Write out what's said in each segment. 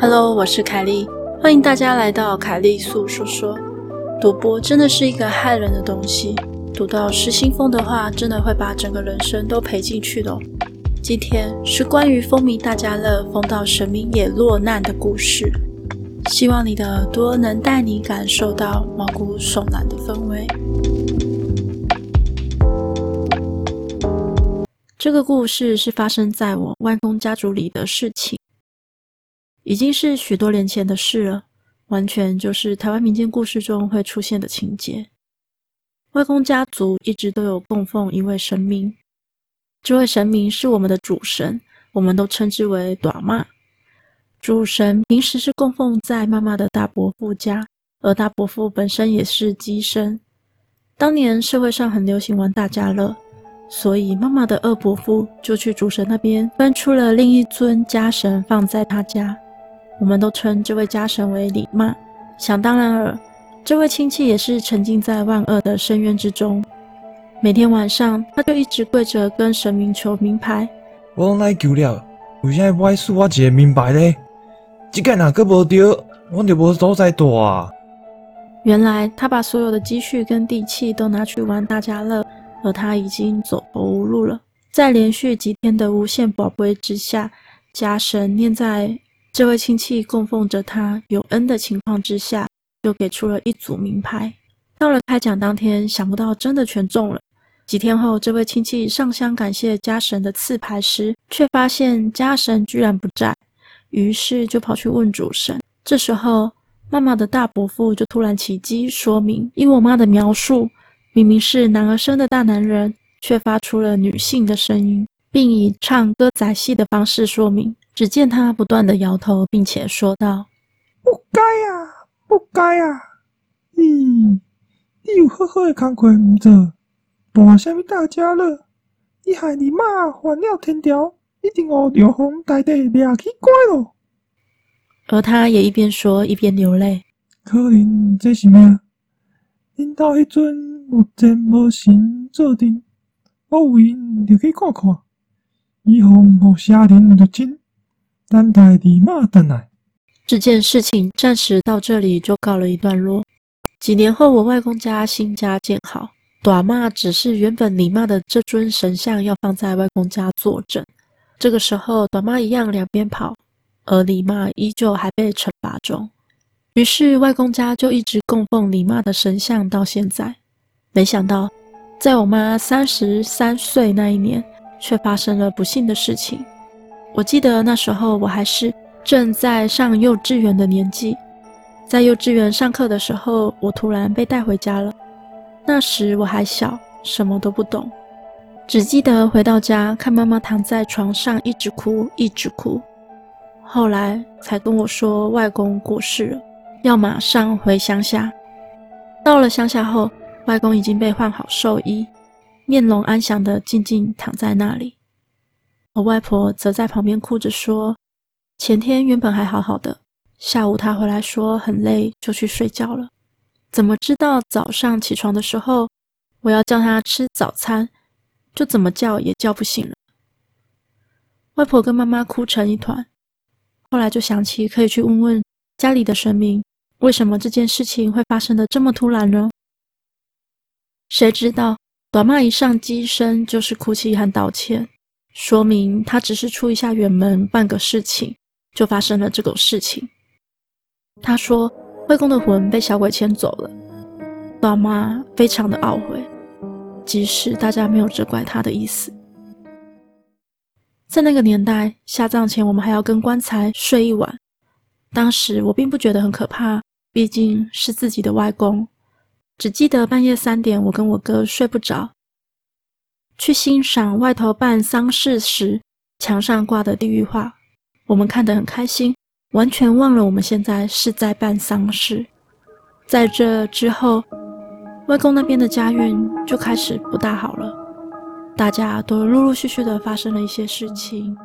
Hello，我是凱莉，歡迎大家來到凱莉粟說說。賭博真的是一個害人的東西，賭到失心瘋的話，真的會把整個人生都賠進去的哦。今天是關於風靡大家樂，瘋到神明也落難的故事。希望你的耳朵能帶你感受到毛骨悚然的氛圍。這個故事是發生在我外公家族裡的事情。已經是許多年前的事了，完全就是台灣民間故事中會出現的情節。外公家族一直都有供奉一位神明，這位神明是我們的主神，我們都稱之為短媽。主神平時是供奉在媽媽的大伯父家，而大伯父本身也是乩身。當年社會上很流行玩大家樂，所以媽媽的二伯父就去主神那邊搬出了另一尊家神放在他家。我們都稱這位家神為李媽。想當然了，這位親戚也是沉浸在萬惡的深淵之中。每天晚上，他就一直跪着跟神明求明牌。我耐久了，為啥外輸我一個明牌呢？這間也個不對，我這不是都在賭啊。原來他把所有的積蓄跟地契都拿去玩大家樂，而他已經走投無路了。在連續幾天的無限寶貴之下，家神念在。這位親戚供奉着他有恩的情況之下，就給出了一組明牌。到了開獎當天，想不到真的全中了。幾天後，這位親戚上香感謝家神的賜牌時，卻發現家神居然不在，於是就跑去問主神。這時候，媽媽的大伯父就突然起乩說明，依我媽的描述，明明是男兒身的大男人，卻發出了女性的聲音，並以唱歌仔戲的方式說明。只見他不斷的搖頭，並且說道：“不該啊，不該啊！咦，又何的扛過唔做博啥物大家樂？伊害你媽還了天條，已經烏着風帶地掠去怪了。”而他也一邊說一邊流淚。可憐這是命，領到一尊目前無錢無神坐鎮，我有閒就去看看，以防互邪靈入侵。但爹你媽的奶，這件事情暫時到這裡就告了一段落。幾年後，我外公家新家建好，短媽只是原本李媽的這尊神像要放在外公家坐鎮。這個時候，短媽一樣兩邊跑，而李媽依舊還被懲罰中。於是，外公家就一直供奉李媽的神像到現在。沒想到，在我媽三十三歲那一年，卻發生了不幸的事情。我記得那時候我還是正在上幼稚園的年紀，在幼稚園上課的時候，我突然被帶回家了。那時我還小，什麼都不懂，只記得回到家看媽媽躺在床上，一直哭，一直哭。後來才跟我說，外公過世了，要馬上回鄉下。到了鄉下後，外公已經被換好壽衣，面容安詳地靜靜躺在那裡。我外婆則在旁邊哭着說：“前天原本還好好的，下午她回來說很累，就去睡覺了。怎麼知道早上起床的時候，我要叫她吃早餐，就怎麼叫也叫不醒了？”外婆跟媽媽哭成一團。後來就想起可以去問問家裡的神明，為什麼這件事情會發生的這麼突然呢？誰知道短媽一上機身就是哭泣和道歉。說明他只是出一下遠門，辦個事情，就發生了這種事情。他說外公的魂被小鬼牽走了，爸媽非常的懊悔，即使大家沒有責怪他的意思。在那個年代，下葬前我們還要跟棺材睡一晚，當時我並不覺得很可怕，畢竟是自己的外公，只記得半夜三點，我跟我哥睡不着。去欣賞外頭辦喪事時，牆上掛的地獄畫，我們看得很開心，完全忘了我們現在是在辦喪事。在這之後，外公那邊的家運就開始不大好了，大家都陸陸續續的發生了一些事情。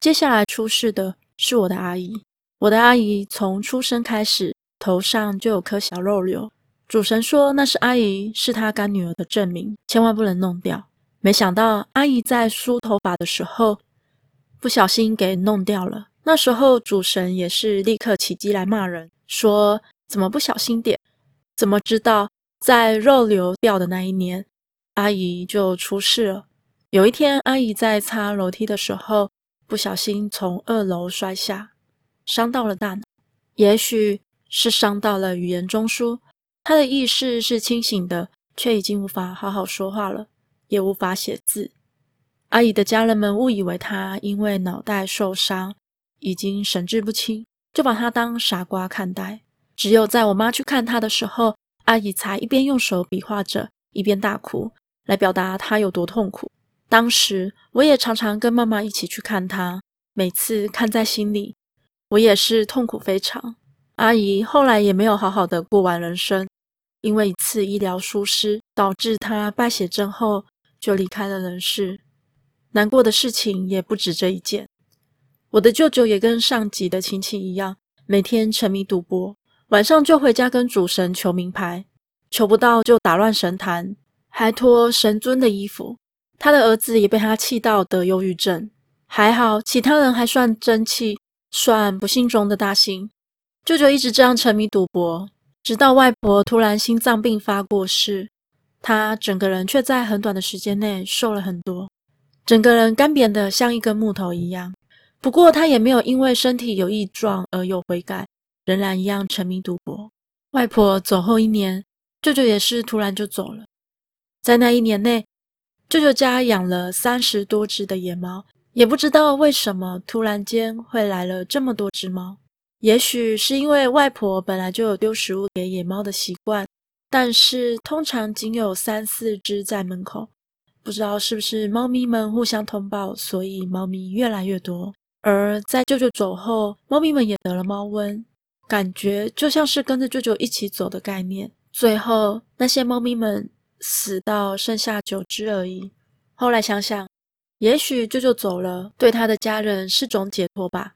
接下來出事的是我的阿姨，我的阿姨從出生開始頭上就有顆小肉瘤，主神說那是阿姨是她乾女兒的證明，千萬不能弄掉。沒想到阿姨在梳頭髮的時候不小心給弄掉了。那時候主神也是立刻起乩來罵人，說怎麼不小心點？怎麼知道在肉瘤掉的那一年，阿姨就出事了？有一天，阿姨在擦樓梯的時候不小心從二樓摔下，傷到了大腦，也許是傷到了語言中樞。她的意識是清醒的，卻已經無法好好說話了。也無法寫字。阿姨的家人們誤以為她因為腦袋受傷，已經神志不清，就把她當傻瓜看待。只有在我媽去看她的時候，阿姨才一邊用手比劃着，一邊大哭，來表達她有多痛苦。當時我也常常跟媽媽一起去看她，每次看在心裡，我也是痛苦非常。阿姨後來也沒有好好的過完人生，因為一次醫療疏失，導致她敗血症後。就離開了人世。難過的事情也不止這一件。我的舅舅也跟上級的親戚一樣，每天沉迷賭博，晚上就回家跟主神求明牌，求不到就打亂神壇，還脫神尊的衣服。他的兒子也被他氣到得憂鬱症。還好其他人還算爭氣，算不幸中的大幸。舅舅一直這樣沉迷賭博，直到外婆突然心臟病發過世。他整個人卻在很短的時間內瘦了很多，整個人乾癟得像一根木頭一樣。不過他也沒有因為身體有異狀而有悔改，仍然一樣沉迷賭博。外婆走後一年，舅舅也是突然就走了。在那一年內，舅舅家養了三十多隻的野貓，也不知道為什麼突然間會來了這麼多隻貓。也許是因為外婆本來就有丟食物給野貓的習慣。但是通常僅有三四隻在門口，不知道是不是貓咪們互相通報，所以貓咪越來越多。而在舅舅走後，貓咪們也得了貓瘟，感覺就像是跟着舅舅一起走的概念。最後那些貓咪們死到剩下九隻而已。後來想想，也許舅舅走了，對他的家人是種解脫吧。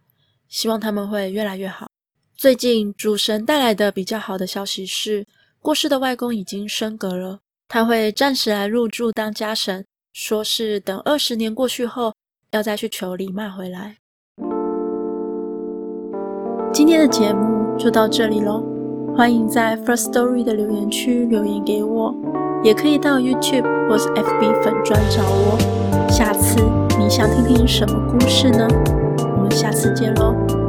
希望他們會越來越好。最近主神帶來的比較好的消息是，過世的外公已經升格了，他會暫時來入住當家神，說是等二十年過去後，要再去求裡邁回來。今天的節目就到這裡嘍，歡迎在 First Story 的留言區留言給我，也可以到 YouTube 或是 FB 粉專找我。下次你想聽聽什麼故事呢？我們下次見嘍。